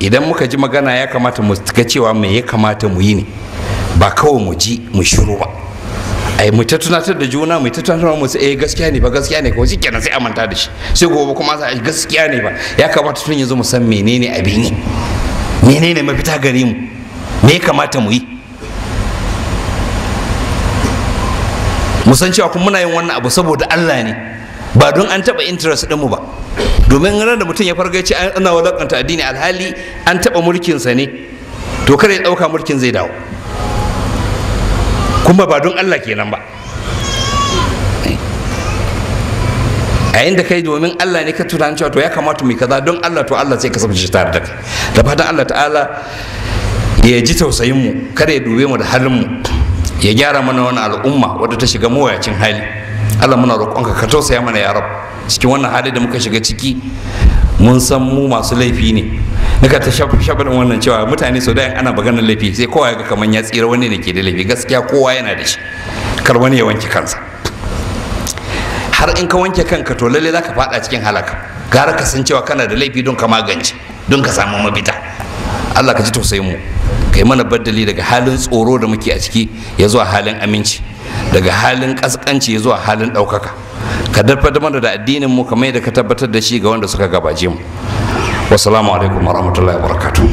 idan muka ji magana ya kamata mu ga cewa me ya kamata mu yi ne ba kawai mu ji mu shiru ba ai mu ta tunatar da juna mu ta tunatar mu sai eh, gaskiya ne ba gaskiya ne ko shikenan sai amanta da shi sai gobe kuma sai gaskiya ne ba ya kamata tun yanzu mu san menene abin ne menene mafita gare mu me ya kamata mu yi mu san cewa kuma muna yin wannan abu saboda Allah ne ba don an taba interest mu ba domin ranar da mutum ya farga ce ana walakanta addini alhali an taɓa mulkinsa ne to kada ya ɗauka mulkin zai dawo kuma ba don Allah kenan ba a da kai domin Allah ne ka tunanin cewa to ya kamata mu kaza don Allah to Allah sai ka saba shi tare da kai da fatan Allah ta'ala ya ji tausayin mu kada ya dube mu da halin mu ya gyara mana wani al'umma wadda ta shiga mawayacin hali Allah muna roƙonka ka tausaya mana ya rab cikin wannan hali da muka shiga ciki mun san mu masu laifi ne naka ta shabarin wannan cewa mutane sau da ana maganar laifi sai kowa ya ga kamar ya tsira wani ne ke da laifi gaskiya kowa yana da shi kar wani ya wanke kansa har in ka wanke kanka to lalle za ka faɗa cikin halaka gara ka san cewa kana da laifi don ka magance don ka samu mabita. Allah ka ji tausayin mu kai mana baddali daga halin tsoro da muke a ciki ya zuwa halin aminci daga halin kaskanci zuwa halin ɗaukaka ka dafa da addinin mu kamar yadda ka tabbatar da shi ga wanda suka gabaje mu wasu alaikum wa wabarakatuh